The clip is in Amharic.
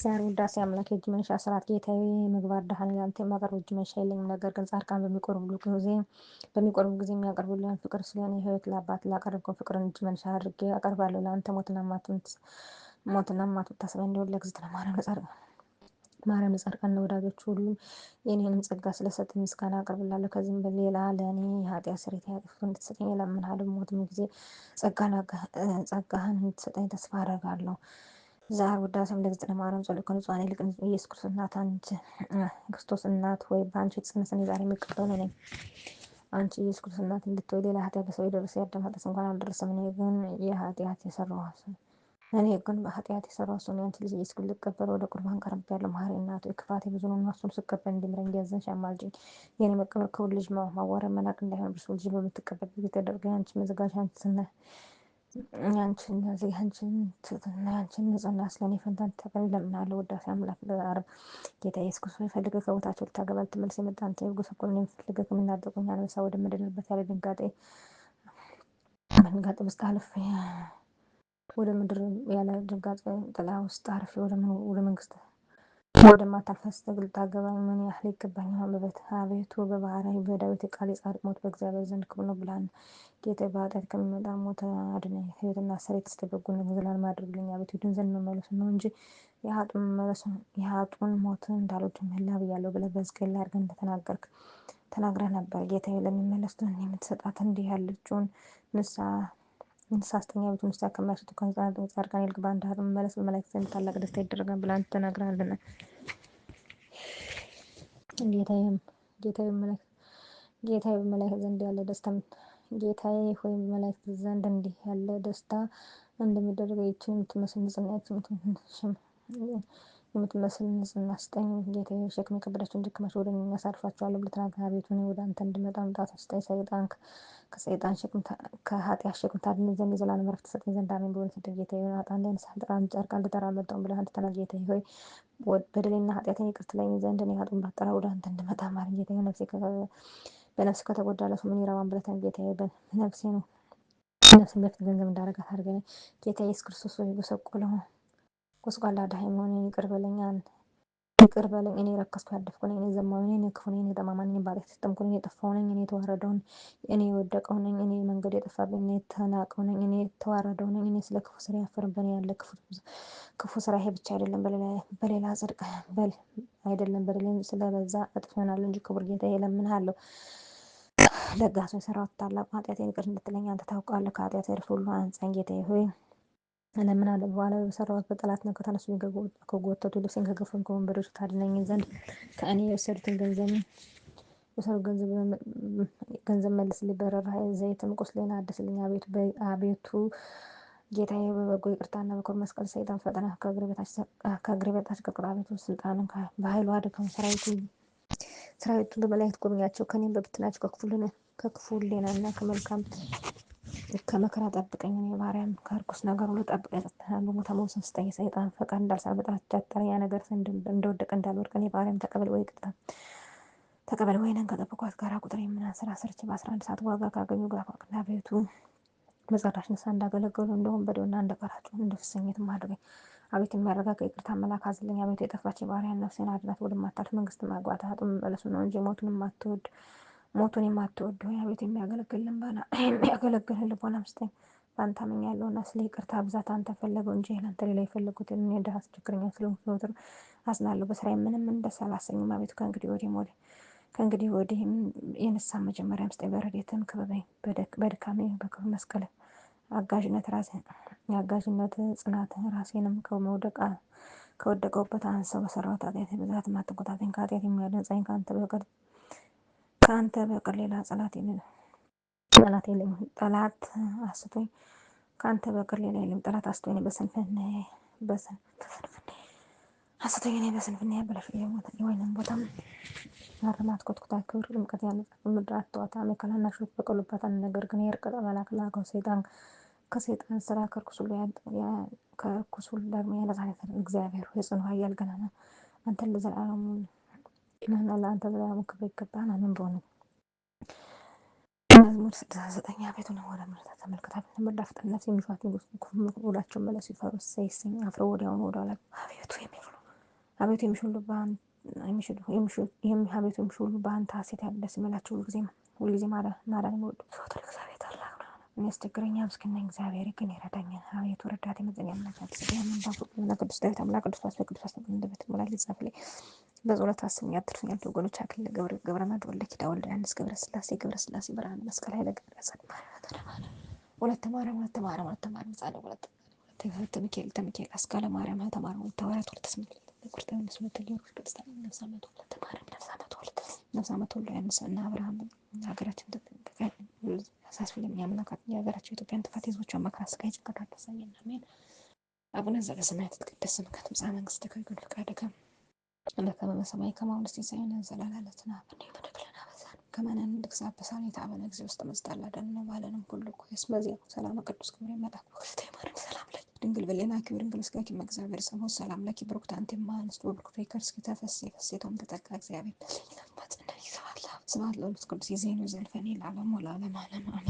ዛሬ ውዳሴ አምላክ የእጅ መንሻ ስርዓት ጌታዊ ምግባር ድሃን ያንተ የማቀርብ እጅ መንሻ የለኝም። ነገር ግን ጻድቃን በሚቆርቡ ጊዜ በሚቆርቡ ጊዜ የሚያቀርቡልን ፍቅር ስለሆነ ህይወት ለአባት ላቀረብከው ፍቅርን እጅ መንሻ አድርጌ አቀርባለሁ። ለአንተ ሞትና ማትምት ሞትና ማትታሰበ እንደወለ ግዝት ለማርያም ለጻድቃን ማርያም ለጻድቃን ለወዳጆች ሁሉ የኔንም ጸጋ ስለሰጥ ምስጋና አቅርብላለሁ። ከዚህም በሌላ ለእኔ ኃጢአት ስሬት ያጥፍቶ እንድትሰጠኝ ለምንሃድ ሞትም ጊዜ ጸጋህን እንድትሰጠኝ ተስፋ አደርጋለሁ። ዛር ውዳሴ ለእግዝእትነ ማርያም ጸሎት ንጹሐን ይልቅ ኢየሱስ ክርስቶስ እናት አንቺ ክርስቶስ እናት ወይ በአንቺ የተጸነሰን የዛሬ የሚቀጥለው ነኝ። አንቺ ኢየሱስ ክርስቶስ እናት እንድትወይ ሌላ ኃጢአት በሰው የደረሰ የአዳም ኃጢአት እንኳን አልደረሰም። እኔ ግን የኃጢአት የሰራው እኔ ግን በኃጢአት የሰራው ሰው ያንቺ ልጅ ኢየሱስ ክርስቶስ ልቀበል ወደ ቁርባን ቀርብ ያለው ማሪ እናቱ ክፋቴ ብዙ ነው እና እሱን ስቀበል እንዲምረኝ እንዲያዘንሽ አማልጅኝ። የኔ መቀበል ከሁሉ ልጅ ማዋረ መናቅ እንዳይሆን ብርሱ ልጅ በምትቀበል ጊዜ ተደርገ አንቺ መዘጋጃ አንቺ ስነ ያንቺን እነዚህ ያንቺን ትትና ያንቺን ንጽህና ስለኔ ፈንታን ተቀበል እለምንሃለሁ። ወዳሴ አምላክ ለአብ ጌታ ኢየሱስ ክርስቶስ ፈልገ ከቦታቸው ልታገባል ትመልስ የመጣ አንተ የጎሰቆልን የምትፈልገህ የምናደቁኝ አንበሳ ወደ ምድንበት ያለ ድንጋጤ በድንጋጤ ውስጥ አልፍ ወደ ምድር ያለ ድንጋጤ ጥላ ውስጥ አርፌ ወደ መንግስት ወደ ማታ ግልጣ ገባኝ ምን ያህል ይገባኛል? በበትሃ ቤቱ በባህራዊ በዳዊት ቃል የጻድቅ ሞት በእግዚአብሔር ዘንድ ክብር ነው ብላን ጌታ በኃጢአት ከሚመጣ ሞት አድነኝ። ሕይወትና ስሬት ስተበጎን ዘላን ማድረግልኝ አቤቱ ድን ዘንድ መመለሱ ነው እንጂ የሀጡን መመለሱ የሀጡን ሞት እንዳልወድ ምህላ ብያለሁ ብለ በሕዝቅኤል ላይ አድርገህ እንደተናገርክ ተናግረ ነበር። ጌታዬ ለሚመለሱትን የምትሰጣት እንዲህ ያለችውን ንስሐ እንስሳስተኛ ቤት ውስጥ ከሚያስቱ ከህፃናት ጋር ቀን ይልቅ በአንድ ሀብ መመለስ በመላእክት ዘንድ ታላቅ ደስታ ይደረጋል ብላ ተናግራልና ጌታዬም ጌታዬ መላእክት ጌታዬ በመላእክት ዘንድ ያለ ደስታ ጌታዬ ሆይ በመላእክት ዘንድ እንዲህ ያለ ደስታ እንደሚደረገው ይችን የምትመስል ንጽሕና የምትመስል ንጽህና ስጠኝ ጌታዬ፣ ሸክሜ ከበዳችሁን ደከማችሁ ወደ እኔ አሳርፋችኋለሁ ብለህ ተናግረሃል። ቤቱን ወደ አንተ እንድመጣ መምጣት ስጠኝ። ሰይጣን ከሰይጣን ሸክም ከኃጢአት ሸክም ታድን ዘንድ የዘላለም ዕረፍት ትሰጠኝ ዘንድ አሜን ብሎ ስድር ጌታዬ፣ ኃጥአን ላይ ንስሐ ልጠራም ጨርቅ አልተራመጠውም ብለህ አንተ ተናግረሃል። ጌታዬ ሆይ በደሌና ኃጢአቴን ይቅር ትለኝ ዘንድ እኔ ኃጥአን ባጠራ ወደ አንተ እንድመጣ ማረኝ። ጌታዬ ነፍሴ በነፍስ ከተጎዳ ለሰው ምን ይራባን ብለህ ጌታ ጌታዬ ነፍሴ ነው ነፍስን በፊት ገንዘብ እንዳረጋት አድርገኝ። ጌታ ኢየሱስ ክርስቶስ ሆይ የጎሰቆለውን ጎስቋላ ድሃ መሆኔ ይቅር በለኝ ይቅር በለኝ። እኔ ረከስኩ፣ ያደፍኩ ነኝ፣ እኔ ዘማዊ ነኝ፣ እኔ ክፉ ነኝ፣ እኔ ጠማማ ነኝ፣ ባሪያ የተሰጠምኩ ነኝ፣ የጠፋው ነኝ፣ እኔ የተዋረደው ነኝ፣ እኔ የወደቀው ነኝ፣ እኔ መንገድ የጠፋብኝ፣ እኔ የተናቀው ነኝ፣ እኔ የተዋረደው ነኝ። እኔ ስለ ክፉ ስራ ያፈርብን ያለ ክፉ ስራ ይሄ ብቻ አይደለም፣ በሌላ ጽድቅ በል አይደለም በደሌም ስለበዛ እጥፍ ይሆናል እንጂ ክቡር ጌታ እለምንሃለሁ ለጋሶ የሰራሁት ታላቅ ኃጢአቴን ይቅር እንድትለኝ አንተ ታውቃለህ። ከኃጢአት እርፍ ሁሉ አንጻኝ ጌታዬ ሆይ ለምን አለ በኋላ በሰራሁት በጠላትና ከተነሱኝ ከጎተቱ ልብሴን ከገፈን ከወንበዶች ታድነኝ ዘንድ ከእኔ የወሰዱትን ገንዘብ የሰሩ ገንዘብ መልስልኝ፣ በረራህ ዘይትም ቁስሌን አድስልኝ። አቤቱ አቤቱ ጌታዬ በበጎ ይቅርታና በኮር መስቀል ሰይጣን ፈጠና ከእግሬ በታች ቅርቅር። አቤቱ ስልጣንን በኃይሉ አድከም፣ ሰራዊቱን በላይት ጎብኛቸው። ከኔም በብትናቸው ከክፉ ሕሊናና ከመልካም ከመከራ ጠብቀኝ፣ ማርያም ከርኩስ ነገር ሁሉ ጠብቀኝ፣ ጸጥታን በሞታ መውሰን ስጠኝ፣ ሰይጣን ፈቃድ እንዳልሳል ጃጠረኝ ያ ነገር እንደወደቀ እንዳልወድቅ እኔ ባሪያም ተቀበል ወይ ቅጣ ተቀበል ወይነን ከጠበኳት ጋር ቁጥር ስራ ስርች በአስራ አንድ ሰዓት ዋጋ ካገኙ ጋር ቅና ቤቱ በጸጋሽ ንሳ እንዳገለገሉ እንደሆን በደውና እንደ ቃላቸው እንደ ፍሰኝት ማድረገኝ አቤት የሚያረጋጋ ይቅርታ መላክ አዝልኝ። አቤቱ የጠፋች የባሪያን ነፍሴን አድናት፣ ወደማታልፍ መንግስት ማግባት አጥም መመለሱ ነው እንጂ ሞቱን የማትወድ ሞቱን የማትወድ ሆይ አቤት የሚያገለግል ልንባና የሚያገለግል ልቦና ስጠኝ። በአንተ አምኛለሁ እና ስለ ይቅርታ ብዛት አንተ ፈለገው እንጂ አንተ ሌላ የፈለጉት እኔ ድሀ አስቸግረኛል ስለዘወትር አዝናለሁ። በስራዬ ምንም እንደሰላሰኝም አቤቱ ከእንግዲህ ወዲህ ወደ ከእንግዲህ ወዲህ የንሳ መጀመሪያ ስጠኝ። በረድኤትህም ክበበኝ፣ በድካሜ በክብር መስቀል አጋዥነት ራሴን የአጋዥነት ጽናት ራሴንም ከመውደቅ ከወደቀውበት አንሰው በሰራሁት ኃጢአት ብዛት አትቆጣኝ። ከኃጢአት የሚያድን ከአንተ በቀር ከአንተ በቀር ሌላ ጠላት የለም። ጠላት የለም። ጠላት አስቶኝ ከአንተ በቀር ሌላ የለም። ጠላት አስቶኝ ነው በስንፍና አስቶኝ ነው በስንፍና ያበላሽ የወይንም ቦታ አርማት ኮትኩታ ክብር ድምቀት ያመጣት ምድር አትዋጣ መከራና ሹት በቀሉበታል። ነገር ግን የእርቅ መልአክ ላከው ሰይጣን ከሰይጣን ስራ ከርኩሱ ከርኩሱ ዳግመኛ ለዛሬ እግዚአብሔር የጽኑ ኃያል ገናና አንተን ለዘላለሙ ኪዳነ ለአንተ ብላ ክብር ይገባል። አምን በሆነ መዝሙር ስድሳ ዘጠኝ አቤቱ ወደ ምሕረት ተመልክታ ብትምርዳፍ ጠነት የሚሿት ሁላቸው መለሱ ይፈሩ ሳይሰኝ አፍረው ወዲያውኑ ወደ ኋላ አቤቱ የሚሉ አቤቱ የሚሽሉ አቤቱ የሚሽሉ በአንተ ሐሴት ያደስ ይመላቸው ሁሉ ጊዜ ሁሉ ጊዜ ማዳን የሚወዱ ዘወትር እግዚአብሔር ታላቅ ነው። እኔ ያስቸግረኛ ምስክና እግዚአብሔር ግን ይረዳኛል። አቤቱ ረዳት የመጠን ያምላክ አዲስ ዳዊት አምላክ ቅዱስ ዳዊት አምላክ ቅዱስ ፋስ ቅዱስ ፋስ እንደበት ሞላል ጻፍ ላይ በጸሎት አስቡኝ አትርፉኝ ወገኖች አክሊለ ገብረ ወልደ ኪዳ ወልደ ዮሐንስ ገብረ ስላሴ ገብረ ስላሴ ብርሃን መስቀል ኃይለ ገብረ ጸድማ ማርያም ሁለተ ማርያም ሁለተ ማርያም ጻለ ሚካኤል አስካለ ማርያም ሀተ ማርያም ወልተ ሐዋርያት ስምንት ቁርተ ዮሐንስ ወልተ ጊዮርጊስ ቅድስት ነፍሰ ዓመት ወልደ ማርያም ነፍሰ ዓመት ወልደ ነፍሰ ዓመት ወልደ ዮሐንስ እና አብርሃም ሀገራችን የሚያመላካት ኢትዮጵያን ጥፋት መከራ ስቃይ ጭንቀት አታሳየን አሜን አቡነ ዘበሰማያት ይትቀደስ ስምከ ትምጻእ መንግስትከ ፈቃድከ በከመ በሰማይ ከማሁ ንሴሳየነ ዘለላለትና እንዲህ በደግለና በዛን ከመነን ድግሳ በሳኔታ በነጊዜ ውስጥ መጽጣላ ደነ ባለንም ሁሉ ስመዚያ ሰላም ቅዱስ ክብር መላክ ወክስተ ማርም ሰላም ለኪ ድንግል በሌና ክብር ድንግል እስጋ እግዚአብሔር ሰሙ ሰላም ለኪ ብሩክት አንቴ እምአንስት ወብሩክ ከርስኪ ተፈሴ ፈሴቶም ተጠቃ እግዚአብሔር ስባት ለወልድ ቅዱስ ይዜኑ ዘልፈኔ ለዓለሙ ለዓለም ዓለም አሜን።